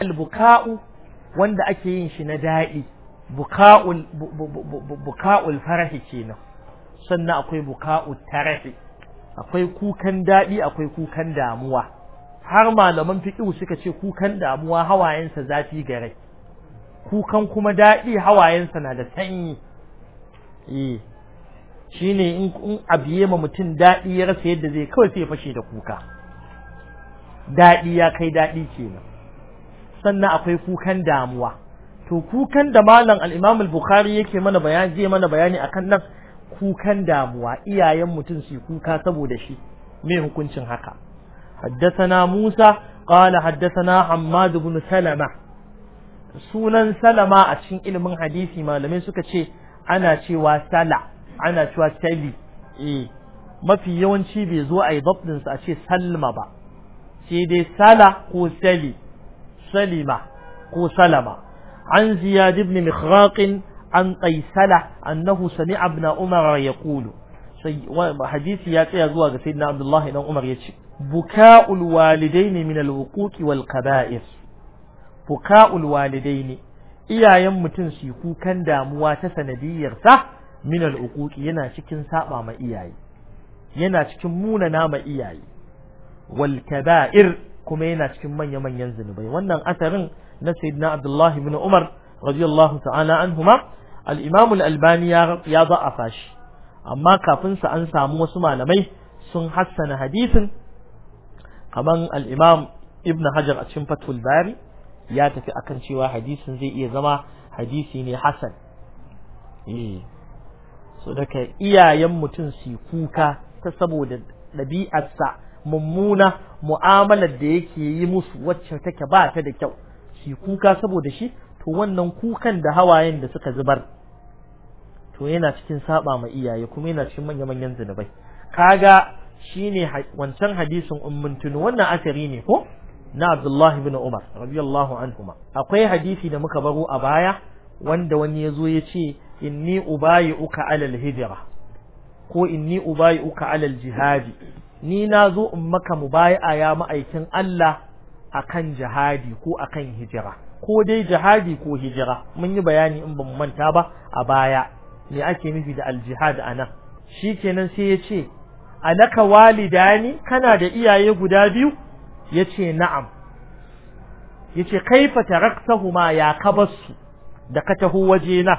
albuka'u wanda ake yin shi na daɗi buka'ul buka'ul farahi kenan sannan akwai buka'ul tarahi akwai kukan daɗi akwai kukan damuwa har malaman fiqh suka ce kukan damuwa hawayensa zafi gare kukan kuma daɗi hawayensa na da sanyi eh shine in a abiye ma mutum daɗi ya rasa yadda zai kawai sai ya fashe da kuka daɗi ya kai daɗi kenan sannan akwai kukan damuwa to kukan da malam al-Imam al-Bukhari yake mana bayani zai mana bayani akan nan kukan damuwa iyayen mutum su kuka saboda shi me hukuncin haka haddathana Musa qala haddathana Hammad ibn Salama sunan Salama a cikin ilimin hadisi malamai suka ce ana cewa sala ana cewa Sali eh mafi yawanci bai zo a yi babdinsa a ce salma ba sai dai sala ko sali salima ko salama an ziyad ibn mikhraq an qaisala annahu sami'a ibn umar yaqulu sai hadisi ya tsaya zuwa ga sayyidina abdullahi dan umar ya yace buka'ul walidaini min al-wuquqi wal kaba'ir buka'ul walidaini iyayen mutum su kukan damuwa ta sanadiyyarsa min al'uquqi yana cikin saɓa ma iyaye yana cikin munana ma iyaye wal kaba'ir kuma yana cikin manya-manyan zunubai wannan asarin na sayyidina abdullahi bin umar radiyallahu ta'ala anhuma al-imam al-albani ya za'afa shi amma kafin sa an samu wasu malamai sun hassana hadisin kaman al-imam ibn hajar a cikin fathul bari ya tafi akan cewa hadisin zai iya zama hadisi ne hasan eh so daga iyayen mutum su kuka ta saboda ɗabi'arsa mummuna mu'amalar da yake yi musu wacce take ba ta da kyau shi kuka saboda shi to wannan kukan da hawayen da suka zubar to yana cikin saba ma iyaye kuma yana cikin manya-manyan zinubai kaga shine wancan hadisin ummun tunu wannan asari ne ko na Abdullahi bin Umar radiyallahu anhuma akwai hadisi da muka baro a baya wanda wani yazo ya ce inni ubayi uka alal hijra ko inni ubayi uka alal jihadi ni na zo in maka mubaya ya ma'aikin Allah akan jihadi ko akan hijira ko dai jihadi ko hijira mun yi bayani in bamu manta ba a baya me ake nufi da aljihad a anan shikenan sai ya ce alaka walidani kana da iyaye guda biyu yace na'am yace kaifa taraktahuma ya kabasu da ka taho wajena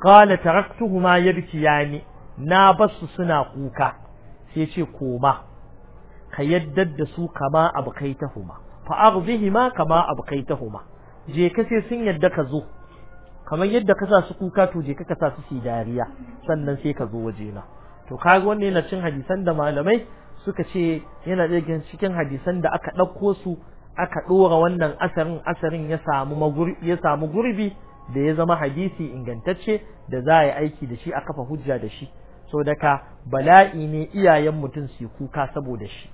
qala taraktuhuma yabkiyani na basu suna kuka sai ce koma ka yadda da su kama abkaitahuma fa aghdihima kama abkaitahuma je ka sai sun yadda ka zo kamar yadda ka sa su kuka to je ka ka sa su dariya sannan sai ka zo waje na to kaga wannan yana cin hadisan da malamai suka ce yana daga cikin hadisan da aka ɗauko su aka ɗora wannan asarin asarin ya samu ya samu gurbi da ya zama hadisi ingantacce da za a yi aiki da shi a kafa hujja da shi so daka bala'i ne iyayen mutum su kuka saboda shi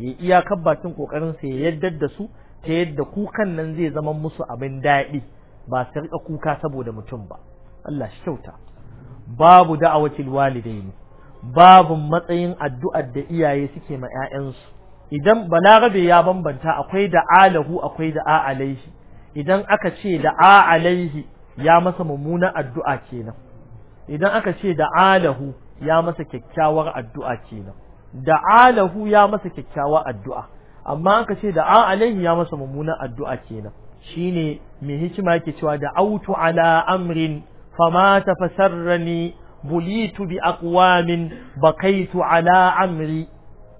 ya iyakar bakin kokarin sa ya yadda da su ta yadda kukan nan zai zama musu abin daɗi ba su rika kuka saboda mutum ba Allah shi kyauta babu da'awatil walidaini babu matsayin addu'ar da iyaye suke ma ƴaƴansu idan balarabe ya bambanta akwai da alahu akwai da a alaihi idan aka ce da a alaihi ya masa mummunan addu'a kenan idan aka ce da alahu ya masa kyakkyawar addu'a kenan da alahu ya masa kyakkyawar addu'a amma aka ce da a alaihi ya masa mummunan addu'a kenan shine mai hikima yake cewa da autu ala amrin fama tafasarrani bulitu bi aqwamin bakaitu ala amri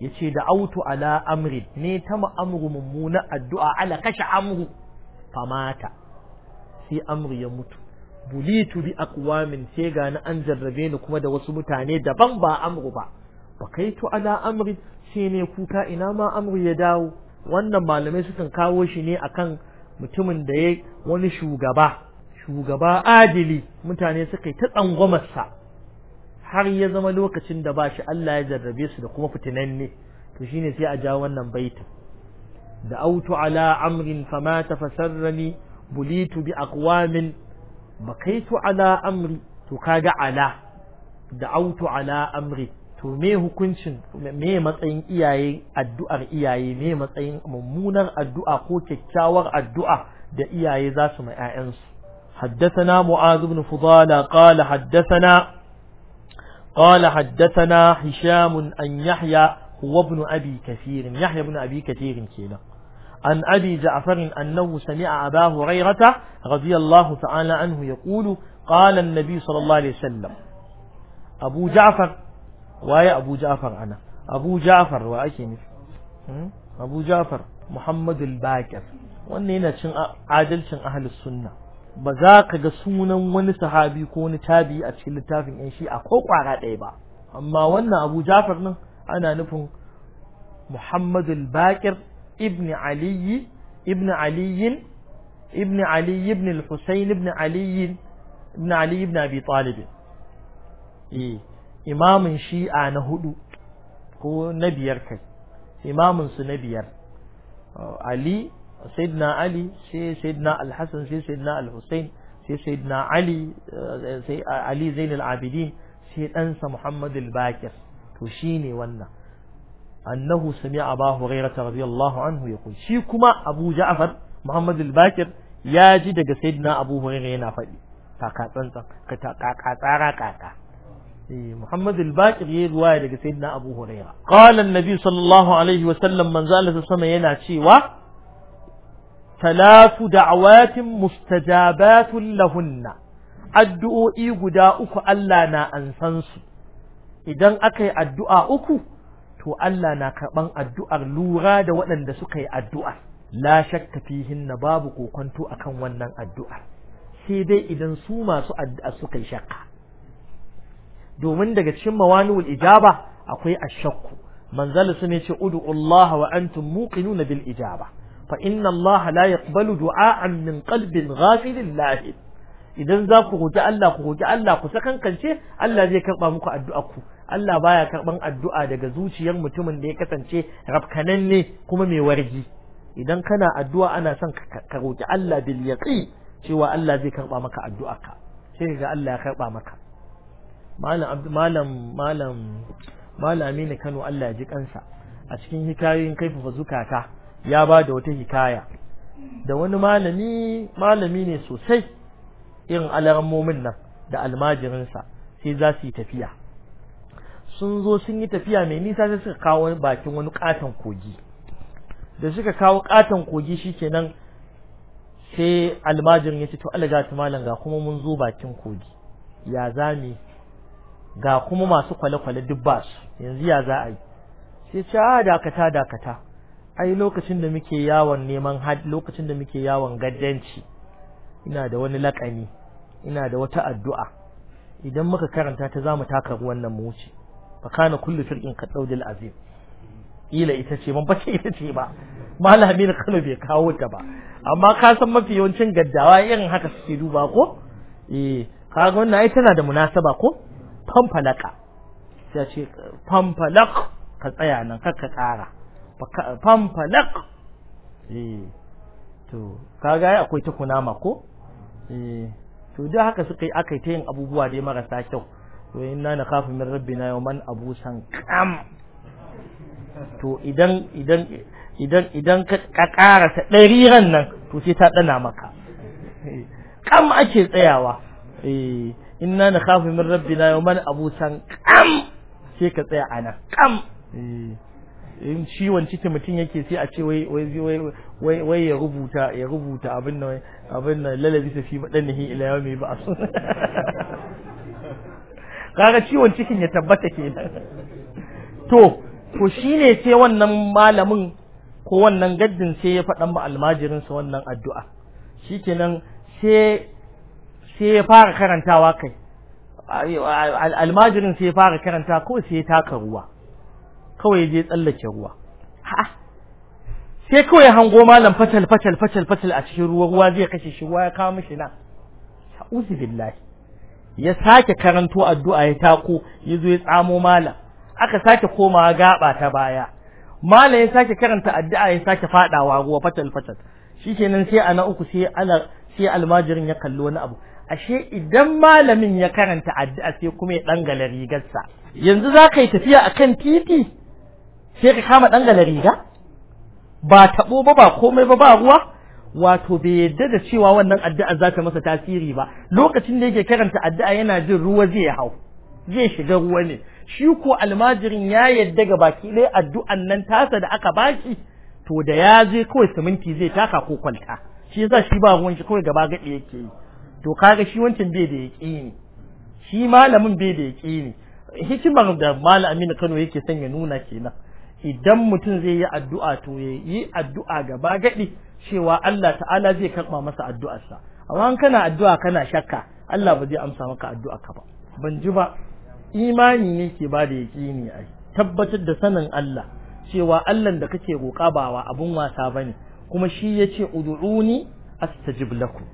yace da autu ala amri ne ta amru mummunan addu'a ala kashe amru fama ta, sai amru ya mutu bulitu bi aqwamin sai ga na an jarrabe ni kuma da wasu mutane daban ba amru ba kai bakaitu ala amri sai ne kuka ina ma amru ya dawo wannan malamai sukan kawo shi ne akan mutumin da ya wani shugaba shugaba adili mutane suka yi ta tsangwamarsa har ya zama lokacin da ba shi Allah ya jarrabe su da kuma fitinanne to shine sai a ja wannan baitin da autu ala amrin famata fasarrani bulitu bi aqwamin bakaitu ala amri to kaga ala da autu ala amri to me hukuncin me matsayin iyaye addu'ar iyaye me matsayin mummunar addu'a ko kyakkyawar addu'a da iyaye za su ma 'ya'yansu حدثنا معاذ بن فضالة قال حدثنا قال حدثنا هشام أن يحيى هو ابن أبي كثير يحيى بن أبي كثير كينا عن أبي جعفر أنه سمع أبا هريرة رضي الله تعالى عنه يقول قال النبي صلى الله عليه وسلم أبو جعفر ويا أبو جعفر أنا أبو جعفر وأكين أبو جعفر محمد الباكر وأننا عادل أهل السنة ba za ka ga sunan wani sahabi ko wani tabi a cikin littafin yan shi'a ko kwara ɗaya ba amma wannan abu jafar nan ana nufin muhammadul bakir ibn Ali ibn Ali ibn Ali ibn al-Husayn ibn Ali ibn Ali Abi Talib eh imamin Shi'a na hudu ko na biyar kai imamin su na biyar uh, Ali sayyidina Ali sai sayyidina Al-Hasan sai sayyidina Al-Husayn sai sayyidina Ali uh, sai Ali Zainul Abidin sai ɗansa Muhammadu al-Bakir to shine wannan annahu sami'a ba hurairata radiyallahu anhu yaqul shi kuma abu ja'far muhammad al-bakir yaji daga sayyidina abu hurairah yana fadi taka tsara kaka eh al-bakir yayi ruwaya daga sayyidina abu hurairah qala an-nabi sallallahu alayhi wa sallam man zala sama yana cewa ثلاث دعوات مستجابات لهن الدعوة إيه قداؤك ألا نا أنسنس إذن أكي الدعاء أكو to Allah na karɓan addu'ar lura da waɗanda suka yi addu'a la shakka fihin na babu kokonto akan wannan addu'ar sai dai idan su masu addu'a suka yi shakka domin daga cikin mawani'ul ijaba akwai ashakku manzal su ne ce ud'u Allah wa antum muqinuna bil ijaba fa inna Allah la yaqbalu du'a'an min qalbin ghafilin lahid idan za ku roƙi Allah ku roƙi Allah ku sakankance Allah zai karɓa muku addu'arku Allah baya karɓan addu'a daga zuciyar mutumin da ya kasance rafkananne kuma mai warji. idan kana addu'a ana son ka roƙi Allah bil yaqi cewa Allah zai karɓa maka addu'arka sai ga Allah ya karɓa maka malam malam malam malami ne Kano Allah ya ji kansa a cikin hikayoyin kaifafa zukata ya ba da wata hikaya da wani malami malami ne sosai irin alarmomin nan da almajirinsa sai za su yi tafiya sun zo sun yi tafiya mai nisa sai suka kawo bakin wani katon kogi da suka kawo katon kogi shikenan sai almajirin ya ce to Allah gata malam ga kuma mun zo bakin kogi ya za ne? ga kuma masu kwale-kwale duk ba yanzu ya za a yi sai ce a dakata dakata ai lokacin da muke yawon neman lokacin da muke yawon gaddanci ina da wani laƙani ina da wata addu'a idan muka karanta ta zamu taka wannan mu wuce fa kana kullu firqin qadawdil azim ila ita ce man bace ita ce ba malami na Kano bai kawo ta ba amma ka san mafi yawancin gaddawa irin haka suke duba ko eh kaga wannan ai tana da munasaba ko fanfalaka sai ce fanfalak ka tsaya nan kar ka kara fanfalak eh to kaga ai akwai ta kunama ko Eh, to da haka suka yi aka yi ta yin abubuwa dai marasa kyau to ina na kafa min rabbi na yawman abusan kam to idan idan idan idan ka karasa ɗari ran nan to sai ta ɗana maka kam ake tsayawa eh inna na khafu min rabbina yawman abusan kam sai ka tsaya ana kam eh. in ciwon ciki mutum yake sai a ce wai wai wai ya rubuta ya rubuta abin nan abin nan lalabi ta fi madanihi ila yawmi ba'as kaga ciwon cikin ya tabbata nan. to to shine sai wannan malamin ko wannan gaddin sai ya faɗan ba almajirinsa wannan addu'a shikenan sai sai ya fara karantawa kai almajirin sai ya fara karanta ko sai ya taka ruwa kawai je tsallake ruwa ha sai kawai hango malam fatal fatal fatal fatal a cikin ruwa ruwa zai kashe shi ruwa ya kawo mishi nan a'udhu billahi ya sake karanto addu'a ya tako ya zo ya tsamo malam aka sake komawa gaba ta baya malam ya sake karanta addu'a ya sake fadawa ruwa fatal fatal shikenan sai ana uku sai ana sai almajirin ya kalli wani abu ashe idan malamin ya karanta addu'a sai kuma ya dangala rigarsa yanzu za ka yi tafiya kan titi sai ka kama gala riga ba tabo ba ba komai ba ba ruwa wato bai yadda da cewa wannan addu'a za ta masa tasiri ba lokacin da yake karanta addu'a yana jin ruwa zai hau zai shiga ruwa ne shi ko almajirin ya yadda ga baki ɗaya addu'an nan tasa da aka baki to da ya je kawai siminti zai taka ko kwalta shi yasa shi ba ruwan shi kawai gaba gaɗe yake yi to kaga shi wancan bai da yaƙi ne shi malamin bai da yaƙi ne hikimar da malam Aminu Kano yake sanya nuna kenan idan mutum zai yi addu'a to ya yi addu'a gaba gadi cewa Allah ta'ala zai karɓa masa addu'arsa amma in kana addu'a kana shakka Allah ba zai amsa maka addu'a ka ba ban ji ba imani ne ke ba da yaƙini ai tabbatar da sanin Allah cewa Allah da kake roƙa ba wa abun wasa bane kuma shi ya yace ud'uni astajib lakum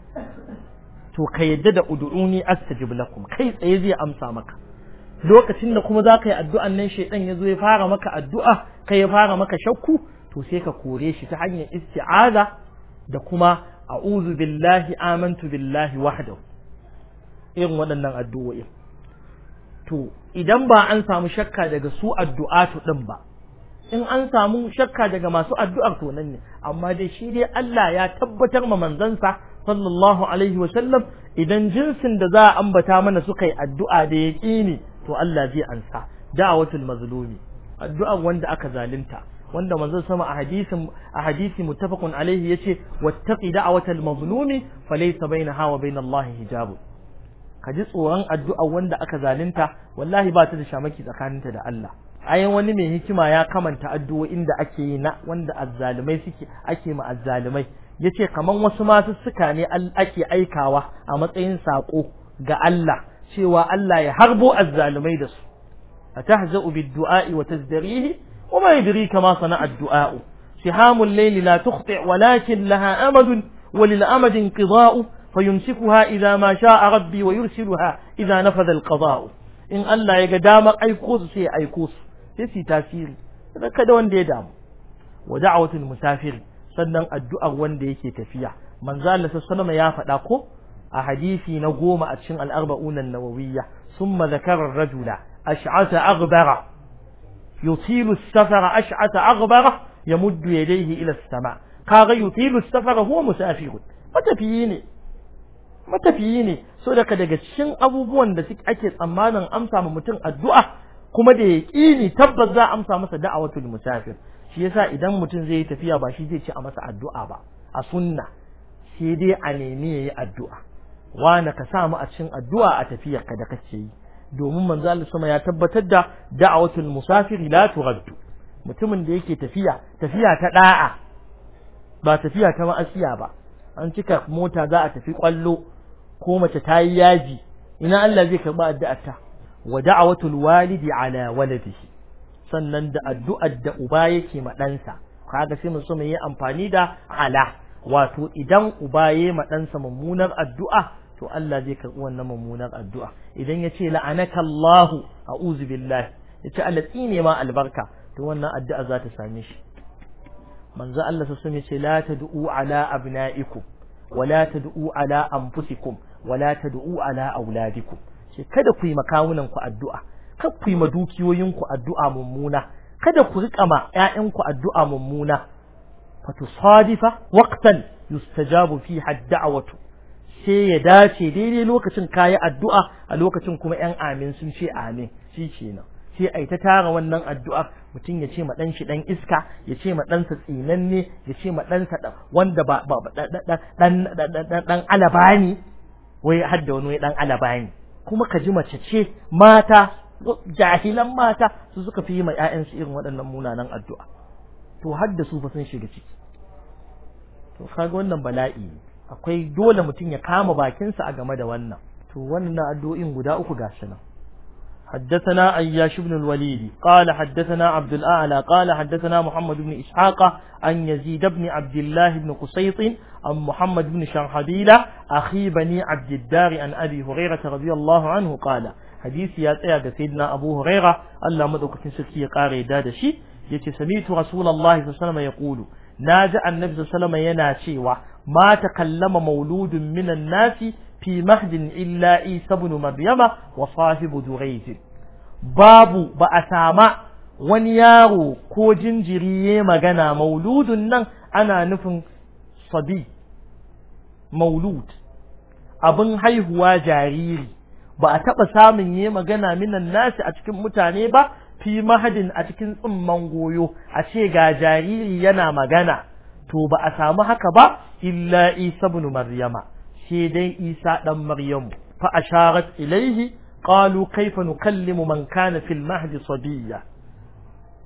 to ka yadda da ud'uni astajib lakum kai tsaye zai amsa maka lokacin da kuma za ka yi addu'an nan shaiɗan ya zo ya fara maka addu'a kai ya fara maka shakku to sai ka kore shi ta hanyar isti'aza da kuma uzu billahi amantu billahi wahda, irin waɗannan addu'o'in to idan ba an samu shakka daga su addu'atu din ba in an samu shakka daga masu addu'ar to nan ne amma dai shi dai Allah ya tabbatar ma manzansa sallallahu alaihi wa sallam idan jinsin da za a ambata mana suka yi addu'a da ne to Allah zai ansa da'watul mazlumi addu'ar wanda aka zalunta wanda manzon sama a hadisin a hadisi muttafaqun alaihi yace wattaqi da'watal mazlumi falaysa bainaha wa bainallahi hijabu ka ji tsoron addu'a wanda aka zalunta wallahi ba ta da shamaki tsakaninta da Allah ayan wani mai hikima ya kamanta addu'o'in da ake yi na wanda azzalumai suke ake ma azzalumai yace kaman wasu masu suka ne ake aikawa a matsayin sako ga Allah cewa ألا يحربوا harbo azzalumai da su atahza'u bid-du'a'i wa tazdarihi wa ma الليل لا تخطئ ولكن لها أمد وللأمد انقضاء فيمسكها إذا ما شاء ربي ويرسلها إذا نفذ القضاء إن ألا يقدام أيقوص شيء أيقوص سي تاسير هذا كده وان دي ودعوة المسافر سنن الدعاء وان دي كي تفيع من ذا الله سنما يافد a hadisi na goma a cikin al'arba'un nawawiyya thumma zakara ar-rajula ash'ata aghbara yutilu safara ash'ata aghbara ya yadayhi ila sama kaga yutilu safara huwa musafiru, matafiyi ne matafiyi ne so daga daga cikin abubuwan da suke ake tsammanin amsa ma mutum addu'a kuma da yaqini tabbas za a amsa masa da'awatul musafir shi yasa idan mutum zai yi tafiya ba shi zai ci a masa addu'a ba a sunna sai dai a nemi yayi addu'a wani ka samu a cikin addu'a a tafiyar ka da kake yi domin manzo Allah sama ya tabbatar da da'watul musafiri la turaddu mutumin da yake tafiya tafiya ta da'a ba tafiya ta ma'asiya ba an cika mota za a tafi kwallo ko mace ta yi yaji ina Allah zai karba ta. wa da'watul walidi ala waladihi sannan da addu'ar da uba yake ma ɗansa kaga sai mu so mu yi amfani da ala wato idan uba ya ma ɗansa mummunar addu'a to Allah zai karɓi wannan mummunar addu'a idan ya ce la'anaka Allahu a'udhu billahi ya ce Allah tsine ma albarka to wannan addu'a za ta same shi manzo Allah sa sun ce la du'u ala abna'ikum wa la du'u ala anfusikum wa la du'u ala auladikum ce kada ku yi makawunan ku addu'a kada ku yi ma dukiyoyin ku addu'a mummuna kada ku riƙa ma 'ya'yanku ku addu'a mummuna فتصادف وقتا يستجاب فيها الدعوة sai ya dace daidai lokacin kayi addu'a a lokacin kuma ‘yan amin sun ce amin shi sai a yi ta tara wannan addu'ar mutum ya ce ma ɗan shi ɗan iska ya ce ma ɗansa tsinanne ya ce ma ɗansa wanda ba ɗan alaba ne wai har da wani ɗan alaba ne kuma ka ji mace ce mata jahilan mata su suka fi yi ma ‘ya'yansu irin waɗannan munanan addu'a to har da su fa sun shiga ciki to kaga wannan bala'i akwai dole mutum ya kama bakinsa a game da wannan to wannan addu'o'in guda uku gashi nan حدثنا أياش بن الوليد قال حدثنا عبد الأعلى قال حدثنا محمد بن إسحاق عن يزيد بن عبد الله بن قسيط عن محمد بن شرحبيل أخي بني عبد الدار عن أبي هريرة رضي الله عنه قال حديث يا سيدنا أبو هريرة الله مدوك سكي قاري دادشي yace sami'tu rasulullahi sallallahu alaihi wasallam Na ji annabi sallallahu alaihi yana cewa ma takallama mauludun minan nasi fi mahdin illa isa ibn maryama wa sahibu durayz babu ba a sama wani yaro ko jinjiri ya magana mauludun nan ana nufin sabi maulud abin haihuwa jariri ba a taɓa samun yi magana minan nasi a cikin mutane ba fi mahadin a cikin tsumman goyo a ce ga jariri yana magana to ba a samu haka ba illa isa ibn maryama sai dai isa dan maryamu fa asharat ilaihi qalu kaifa nukallimu man kana fil mahdi sabiyya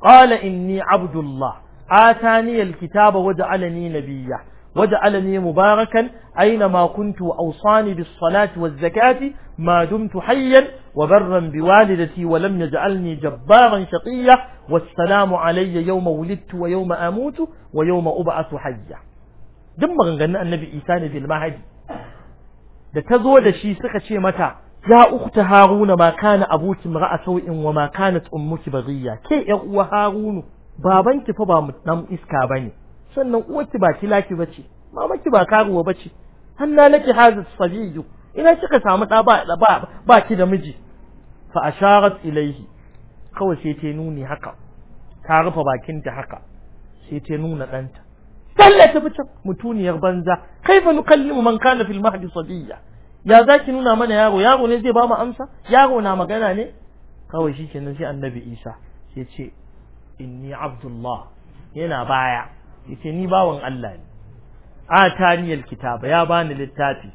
qala inni abdullah atani alkitaba waj'alani nabiyya وجعلني مباركا أينما كنت وأوصاني بالصلاة والزكاة ما دمت حيا وبرا بوالدتي ولم يجعلني جبارا شقيا والسلام علي يوم ولدت ويوم أموت ويوم أبعث حيا دم غنغنى النبي إيسان في المهدي da ta zo da shi suka ce mata ya ukhta haruna ma kana abuki mar'a sau'in wa ma kanat ummuki baghiya ke yar uwa harunu babanki fa ba iska bane sannan uwarki ba kilaki bace mamaki ba karuwa bace hanna laki hazat sabiyyu ina kika samu da ba ba ki da miji fa asharat ilaihi kawai sai ta nuni haka ta rufe bakinta haka sai ta nuna danta sallah ta mutuniyar banza kaifa nukallimu man kana fil mahdi sabiyya ya zaki nuna mana yaro yaro ne zai ba mu amsa yaro na magana ne kawai shikenan sai annabi Isa sai ce inni abdullah yana baya yace ni bawan Allah ne ataniyal kitaba ya bani littafi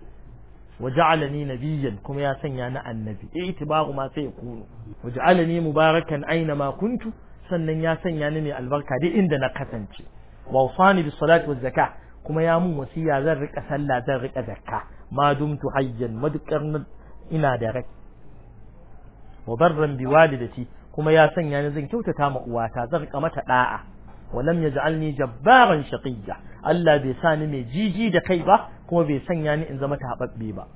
waj'alani nabiyyan kuma ya sanya ni annabi E, itibaru ma sai kunu waj'alani mubarakan aina ma kuntu sannan ya sanya ni mai albarka duk inda na kasance wa usani bis salati waz zakah kuma ya mun wasiya zan rika sallah zan rika zakka ma dumtu hayyan madukar ina da rai wa barran bi walidati kuma ya sanya ni zan kyautata ma uwata zan rika mata da'a ولم يجعلني جبارا شقيا الله بيساني مي جيجي دا كي با كما بيساني يعني إن زمتها ببي با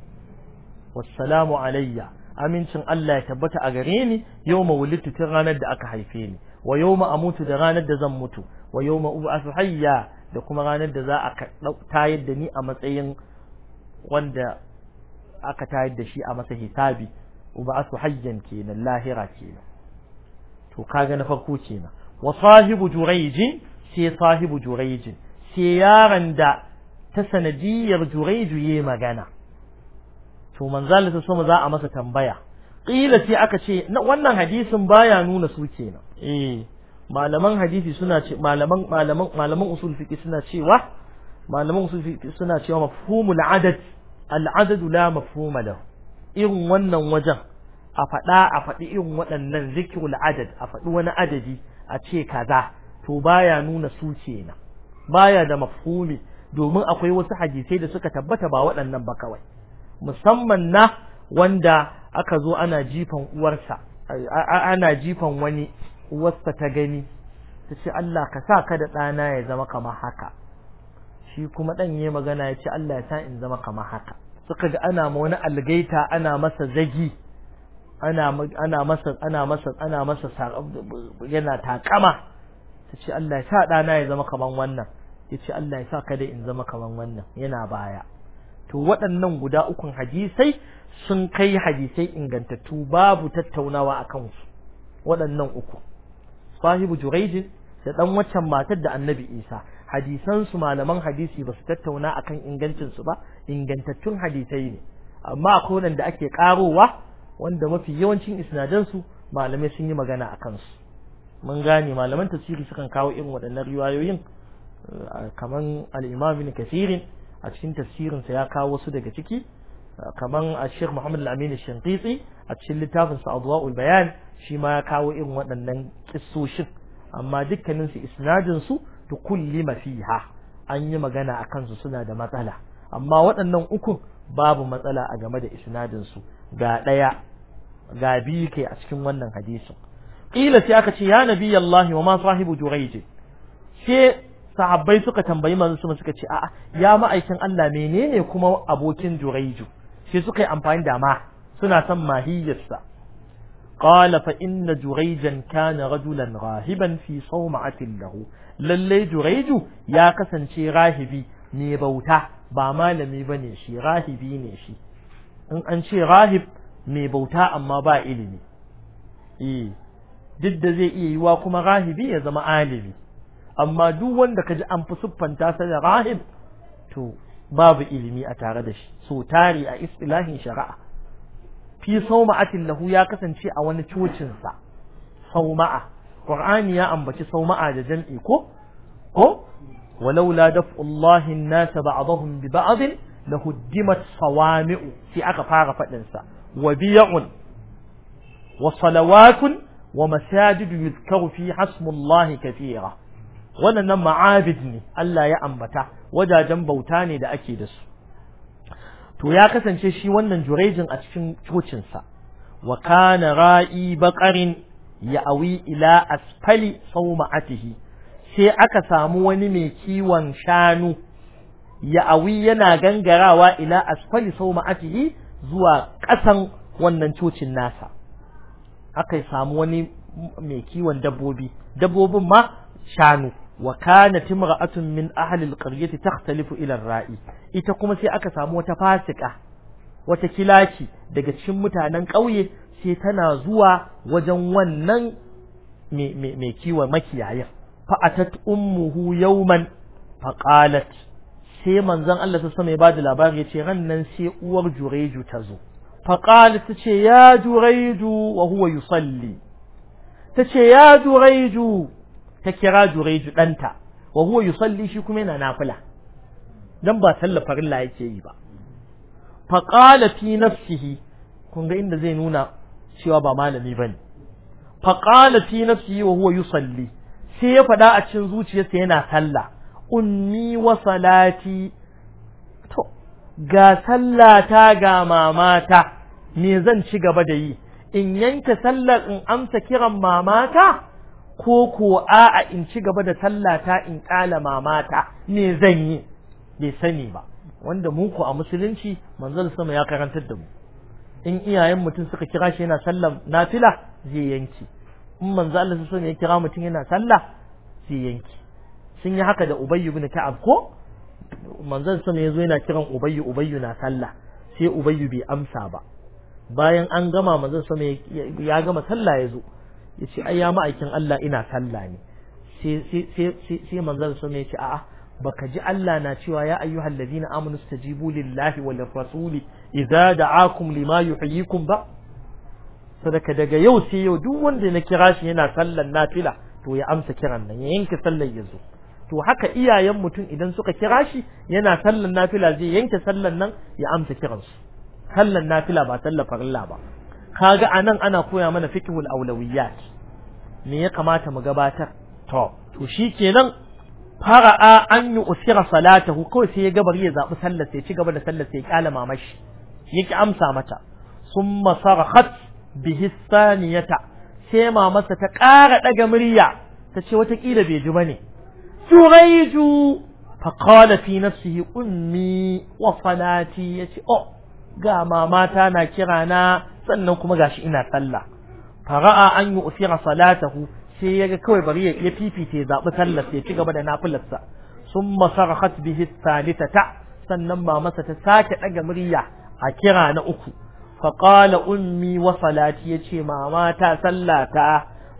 والسلام علي amincin Allah ya tabbata a gare ni yawma wulidtu tun ranar da aka haife ni wa yawma amutu da ranar da zan mutu wa yawma ub'athu hayya da kuma ranar da za a tayar da ni a matsayin wanda aka tayar da shi a masa hisabi ub'athu hayyan kenan lahira kenan to kaga na farko kenan wa sahibu jurayjin sai sahibu jurayjin sai yaron da ta sanadiyar jurayju yayi magana to manzal ta so za a masa tambaya qila sai aka ce wannan hadisin baya nuna su kenan eh malaman hadisi suna ce malaman malaman malaman usul fiqi suna cewa malaman usul fiqi suna cewa mafhumul adad al adad la mafhuma lahu irin wannan wajen a faɗa a faɗi irin waɗannan zikirul adad a faɗi wani adadi a ce kaza to baya nuna su kenan baya da mafhumi domin akwai wasu hadisai da suka tabbata ba waɗannan ba kawai musamman na wanda aka zo ana jifan uwarsa ana jifan wani uwarsa ta gani ta ce Allah ka sa ka da ɗana ya zama kamar haka shi kuma ɗan ya magana ya ce Allah ya sa in zama kamar haka suka ga ana ma wani algaita ana masa zagi ana ana masa ana masa ana masa yana takama tace Allah ya sa dana ya zama kaman wannan yace Allah ya sa ka dai in zama kaman wannan yana baya to waɗannan guda ukun hadisai sun kai hadisai ingantattu babu tattaunawa akan su waɗannan uku sahibu juraijin da dan waccan matar da annabi isa hadisan su malaman hadisi ba su tattauna akan ingancin su ba ingantattun hadisai ne amma akwai wanda ake karowa wanda mafi yawancin isnadansu malamai sun yi magana a kansu mun gane malaman tafsiri sukan kawo irin waɗannan riwayoyin eh, kaman al-imam ibn kathir a cikin sa ya kawo wasu daga ciki eh, kaman al-sheikh muhammad al-amin al a cikin littafin sa adwa'ul bayan shi ma ya kawo irin waɗannan kissoshin amma dukkanin su isnadin su to kulli fiha an yi magana a kansu suna da matsala amma waɗannan uku babu matsala a game da isnadin su ga ɗaya ga biyu kai a cikin wannan hadisin qila sai aka ce ya nabi Allah wa ma sahibu jurayj sai sahabbai suka tambayi manzo su suka ce a'a ya ma'aikin Allah menene kuma abokin jurayj sai suka yi amfani da ma suna san mahiyarsa qala fa inna jurayjan kana rajulan rahiban fi sawma'atin lahu lalle jurayj ya kasance rahibi ne bauta ba malami bane shi rahibi ne shi in an ce rahib mai bauta amma ba ilimi eh duk da zai iya yiwa kuma rahibi ya zama alimi amma duk wanda ka ji an fi siffanta sa da rahib to babu ilimi a tare da shi so tari a istilahin shari'a fi sauma'atin lahu ya kasance a wani cocin sa sauma'a qur'ani ya ambaci sauma'a da jam'i ko ko walaula daf'ullahi an-nas ba'dahum bi ba'd lahuddimat sawami'u sai aka fara fadin sa wa biya'un wa salawatun wa masajidu yuzkaru fi hasmullahi kathira waɗannan ma'abid ne Allah ya ambata wajajen bauta ne da ake da su to ya kasance shi wannan jurejin a cikin cocinsa wa kana ra'i ya'awi ila asfali sawma'atihi sai aka samu wani mai kiwon shanu ya'awi yana gangarawa ila asfali sau sawma'atihi zuwa ƙasan wannan cocin nasa aka samu wani mai kiwon dabbobi dabbobin ma shanu wa kanat imra'atun min ahli alqaryati takhtalifu ila rai ita kuma sai aka samu wata fasika wata kilaki daga cikin mutanen ƙauye sai tana zuwa wajen wannan mai kiwon makiyayin fa'atat ummuhu yawman faƙalat. sai manzon Allah ta sama ya bada labari ya ce rannan sai uwar Jureju ta zo faqala ta ce ya Jureju wa huwa yusalli ta ce ya Jureju ta kira Jureju danta wa huwa yusalli shi kuma yana nafila dan ba tallafar Allah yake yi ba faqala fi nafsihi kun ga inda zai nuna cewa ba malami bane faqala fi nafsihi wa huwa yusalli sai ya fada a cikin zuciyarsa yana sallah ummi wa salati to ga sallata ga mamata me zan ci gaba da yi in yanke sallar in amsa kiran mamata ko ko a'a in ci gaba da sallata in kala mamata me zan yi bai sani ba wanda mu ko a musulunci manzon sama ya karantar da mu in iyayen mutum suka kira shi yana sallar nafila zai yanki in manzo Allah sai ya kira mutum yana sallah zai yanki sun yi haka da ubayyu ibn ka'ab ko manzon sun yazo yana kiran ubayyu ubayyu na sallah sai ubayyu bai amsa ba bayan an gama manzon sun ya gama sallah yazo yace ai ya ma'aikin Allah ina sallah ne sai sai sai sai manzon sun yace a'a baka ji Allah na cewa ya ayyuhal ladina amanu stajibu lillahi wal rasuli idza da'akum lima yuhyikum ba sadaka daga yau sai yau duk wanda na kira shi yana sallan nafila to ya amsa kiran nan ya yanke sallar yazo to haka iyayen mutum idan suka kira shi yana sallan nafila zai yanke sallan nan ya amsa kiransu sallan nafila ba sallar farilla ba kaga anan ana koya mana fiqhul awlawiyat me ya kamata mu gabatar to to shikenan fara'a an yi usira salatahu kawai sai ya gabar ya zabi sallar sai ci gaba da sallar sai ya kyala mamashi yake amsa mata summa sarahat bihi saniyata sai mamarsa ta ƙara daga murya ta ce wata kila bai ji bane جريج فقال في نفسه أمي وصلاتي يتي أو قام ماتا ناكرانا سنوكم غاشي إنا صلى فرأى أن يؤثر صلاته sai ya kawai bari ya fifice ya zaɓi sallar ya ci gaba da nafilarsa sun masarakat bihi salita ta sannan mamasa ta sake ɗaga murya a kira na uku fakala ummi wa salati ya ce ta sallata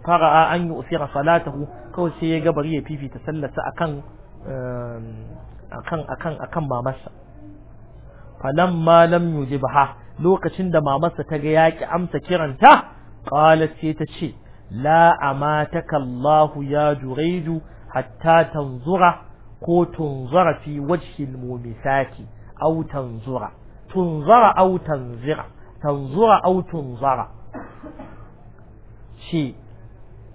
fara'a an yi salatahu kawai sai ya ga bari ya fifita sallarsa akan ehm, akan akan akan mamarsa falamma lam yujibha lokacin da mamarsa ta ga yaki amsa kiranta qalat sai ta ce la amataka Allahu ya juraidu hatta tanzura ko Tunzara fi wajhi almumisati aw tanzura tunzara aw tanzira tanzura aw shi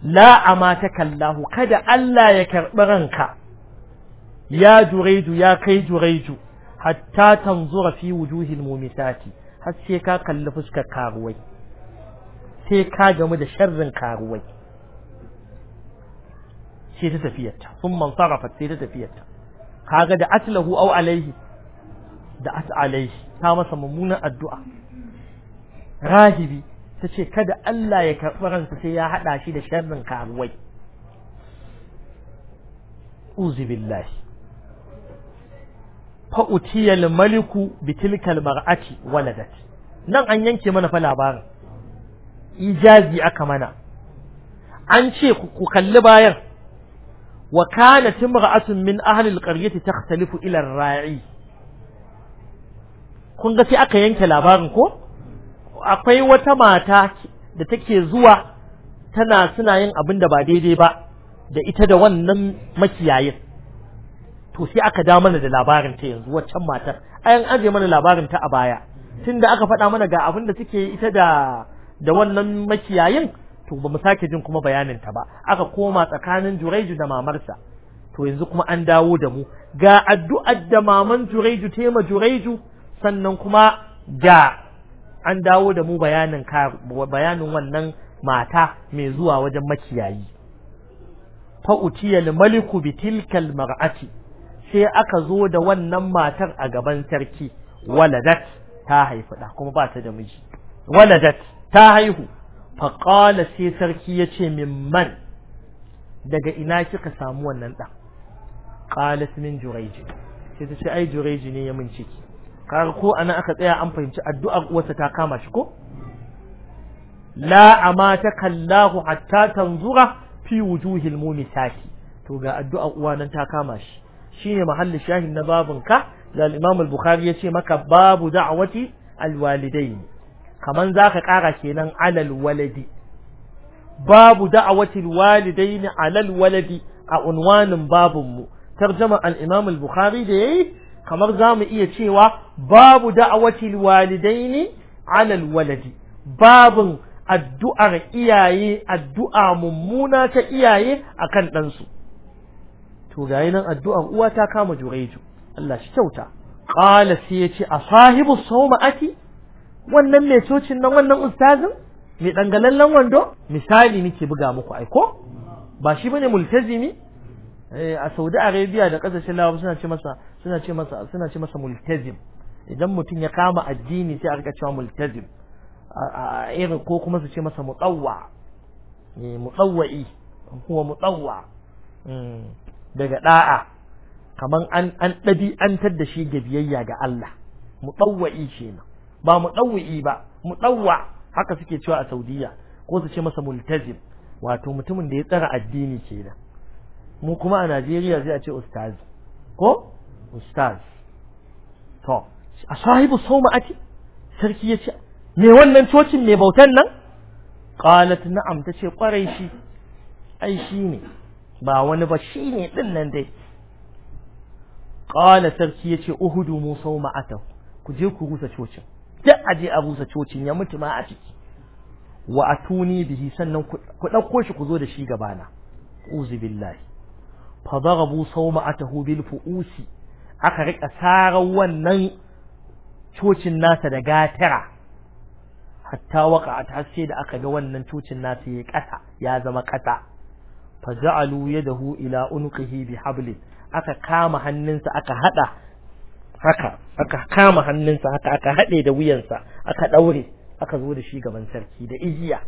لا أماتك الله كذا ألا يكبرنك يا جريج يا كي جريج حتى تنظر في وجوه المومسات حسيكا قلفشك كاروي سيكا جمد شر كاروي سيدة فيتا ثم انصرفت سيدة فيتا كاغا دعت له أو عليه دعت عليه تامس ممونة الدعاء راهبي ta ce kada Allah ya karɓi ransa sai ya haɗa shi da sharrin karuwai uzu billahi fa maliku bi tilkal mar'ati waladat nan an yanke mana fa labarin ijazi aka mana an ce ku kalli bayan wa kanat imra'atun min ahli alqaryati takhtalifu ila ar-ra'i kun ga sai aka yanke labarin ko akwai wata mata da take zuwa tana suna yin abin da ba daidai ba da ita da wannan makiyayin to sai aka da mana da labarin ta yanzu waccan matar ayan aje mana labarin ta a baya tunda aka faɗa mana ga abin da take ita da da wannan makiyayin to ba mu sake jin kuma bayanin ta ba aka koma tsakanin Juraiju da mamarsa to yanzu kuma an dawo da mu ga addu'ar da maman Juraiju ma Juraiju sannan kuma ga an dawo da mu bayanin ka bayanin wannan mata mai zuwa wajen makiyayi fa utiyal maliku bi mar'ati sai aka zo da wannan matar a gaban sarki waladat ta haifi da kuma ba ta da miji waladat ta haihu fa qala sai sarki yace mimman daga ina kika samu wannan da qalat min jurayji sai ta ce ai jurayji ne ya min ciki kaga ko ana aka tsaya an fahimci addu'ar uwarsa ta kama shi ko la kalla kallahu hatta tanzura fi wujuhil mumisati to ga addu'ar uwa nan ta kama shi shine mahallin shahin na babun ka da al-Imam al-Bukhari yace maka babu da'wati al-walidayn kaman zaka kara kenan alal waladi babu da'wati al-walidayn alal waladi a unwanin babun mu tarjama al-Imam al-Bukhari da yayi kamar za mu iya cewa babu da'awatil walidaini alal waladi babun addu'ar iyaye addu'a mummuna ta iyaye akan ɗansu to ga nan addu'ar uwa ta kama jureju Allah shi kyauta qala sai yace a sahibu sauma aki. wannan mai cocin nan wannan ustazin mai dangalallen wando misali nake buga muku aiko ba shi bane multazimi Eh, a Saudi Arabia da kasashen lawa suna ce masa suna ce masa suna ce masa multazim idan mutum ya kama addini sai a rika cewa multazim a ko kuma su ce masa mutawwa eh, mutawwa'i kuma mutawwa hmm, daga da'a kaman an an ɗabi'antar da shi ga biyayya ga Allah mutawwa'i kenan ba mutawwi ba mutawwa haka suke cewa a Saudiya ko su ce masa multazim wato mutumin da ya tsara addini kenan mu kuma a Najeriya zai a ce ustaz ko ustaz to a sahibu sauma'ati sarki ya ce me wannan cocin mai bautan nan qalat na'am tace kwarai shi ai shi ne ba wani ba shi ne din nan dai qala sarki yace uhudu mu sauma'atahu ku je ku rusa cocin duk aje a rusa cocin ya mutu ma a ciki wa atuni bihi sannan ku dauko shi ku zo da shi gabana uzu billahi fa darabu sawma'atahu bil fu'usi aka rika sarar wannan cocin nasa da gatara hatta waqa'at har sai da aka ga wannan cocin nasa yayi kasa ya zama kasa fa ja'alu yadahu ila unqihi bi hablin aka kama hannunsa aka hada haka aka kama hannunsa haka aka hade da wuyansa aka daure aka zo da shi gaban sarki da igiya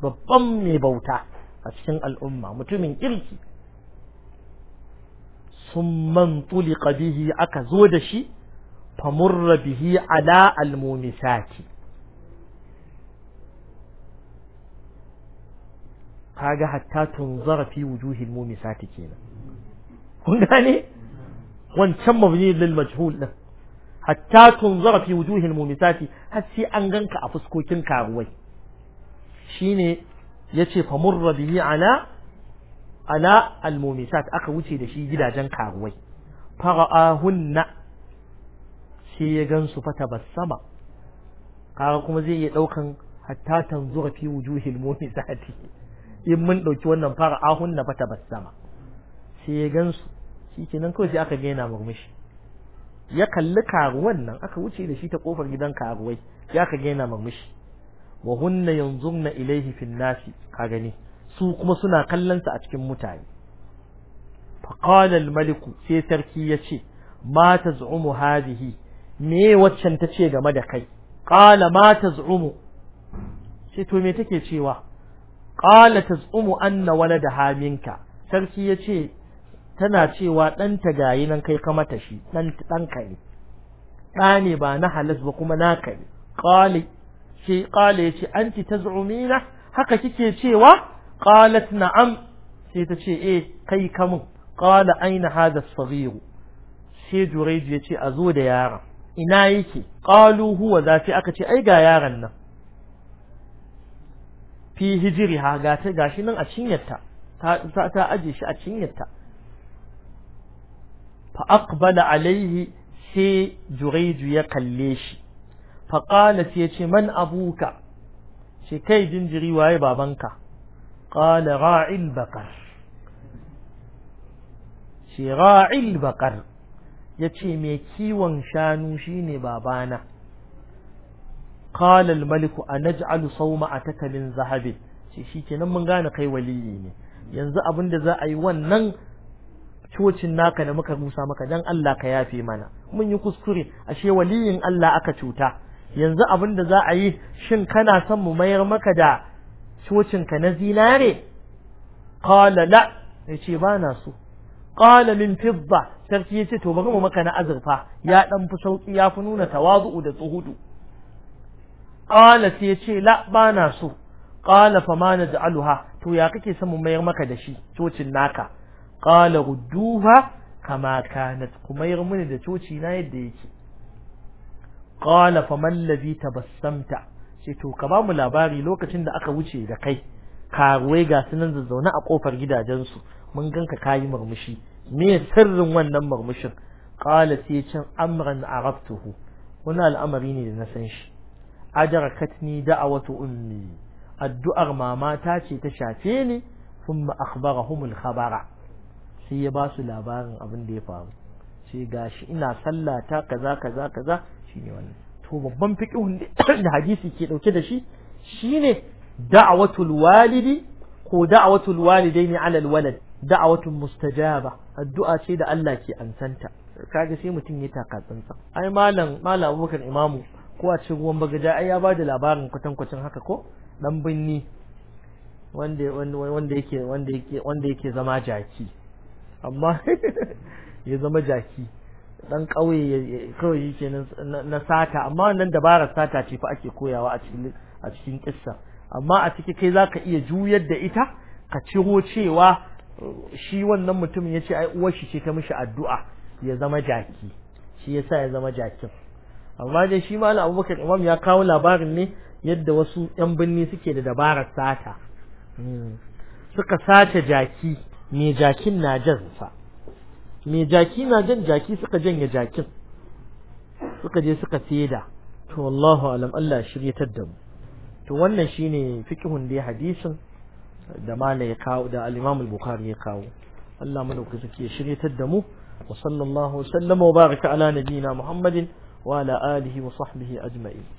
babban mai bauta a cikin al'umma mutumin kirki sun tuli tulika bihi aka zo da shi famurra bihi ala almumisati kaga hatta tunzara fi wujuhil mumisati kenan kun gane wancan mabni lil majhul din hatta tunzara fi wujuhil mumisati har sai an ganka a fuskokin karuwai shine yace famurra bihi ala ala almumisat aka wuce da shi gidajen karuwai fara'ahunna sai ya gansu fata basama kaga kuma zai iya daukan hatta tanzura fi wujuhil mumisati in mun dauki wannan fara'ahunna fata basama sai ya gansu nan kawai sai aka ga yana murmushi ya kalli karuwan nan aka wuce da shi ta kofar gidan karuwai ya ka ga yana murmushi wa hunna na ilaihi fin nasi ka gani su kuma suna kallon sa a cikin mutane faqala Maliku sai sarki yace ma zu'umu hadhihi me waccan tace game da kai Ƙala ma zu'umu. sai to me take cewa qala zu'umu anna da haminka. sarki yace tana cewa ɗanta gayi nan kai ka mata shi ɗanka ne ɗa ne ba na halas ba kuma naka ne qali shi qala yace anti taz'umina haka kike cewa qalat na'am sai ta ce eh kai kamun qala aina hadha as-saghir sai jurayj ya ce a zo da yaron ina yake qalu huwa za aka ce ai ga yaron nan fi hijriha ga ta gashi nan a cinyarta ta ta aje shi a cinyarta fa aqbala alaihi sai jurayj ya kalle shi fa qala sai ya ce man abuka ce kai jinjiri waye babanka قال راعي البقر shi ra'il baqar yace mai kiwon shanu shine babana qala al-malik anaj'alu sauma a min zahabin shi shikenan mun gane kai waliyi ne yanzu abinda za a yi wannan cocin naka da muka musa maka dan Allah ka yafe mana mun yi kuskure ashe waliyin Allah aka cuta yanzu abinda za a yi shin kana son mu mayar maka da cocinka na zinare ƙala la ce ba na so ƙala min fidda sarki yace to bari mu maka na azurfa ya ɗan fi sauki ya fi nuna tawazu'u da tsuhudu Ƙala sai yace la ba na so ƙala fa ma naj'aluha to ya kake son mu mayar maka da shi cocin naka ƙala rudduha kama kanat kuma yar mini da coci na yadda yake Ƙala fa ta ladhi tabassamta ce to ka ba mu labari lokacin da aka wuce da kai karuwai ga sunan nan a kofar gidajensu mun ganka kayi murmushi me sirrin wannan murmushin qala sai can amran araftuhu wani al'amari ne da na san shi ajarakatni da'awatu ummi addu'ar mama ta ce ta shafe ni thumma akhbarahum al-khabara sai ya ba su labarin abin da ya faru sai gashi ina sallata ta kaza kaza kaza shine wannan to babban fiqhun da hadisi ke ɗauke da shi shine da'watul walidi ko da'watul walidaini 'alal walad da'watun mustajaba addu'a ce da Allah ke ansanta kaga sai mutum ya taka tsantsa ai malam malam Abubakar Imamu ko a cikin ruwan bagaja ai ya ba da labarin kwatankwacin haka ko dan binni wanda wanda yake wanda yake wanda yake zama jaki amma ya zama jaki dan ƙauye kawai yake na sata amma wannan dabarar sata ce fa ake koyawa a cikin a cikin kissa amma a cikin kai zaka iya juyar da ita ka ciro cewa uh, shi wannan mutumin yace ai uwar shi ce ta mishi addu'a ya zama jaki shi yasa ya zama jakin amma dai shi malam Abubakar Imam ya kawo labarin ne yadda wasu yan binni suke da dabarar sata hmm. suka sace jaki me jakin na jazza mai jaki na jan jaki suka janye jakin suka je suka saida to wallahu alam Allah shiryatar da mu to wannan shine fiqhun da hadisin da mala ya kawo da al-Imam al-Bukhari ya kawo Allah mu dauki suke shiryatar da mu wa sallallahu sallama wa baraka ala nabiyina Muhammadin wa ala alihi wa sahbihi ajma'in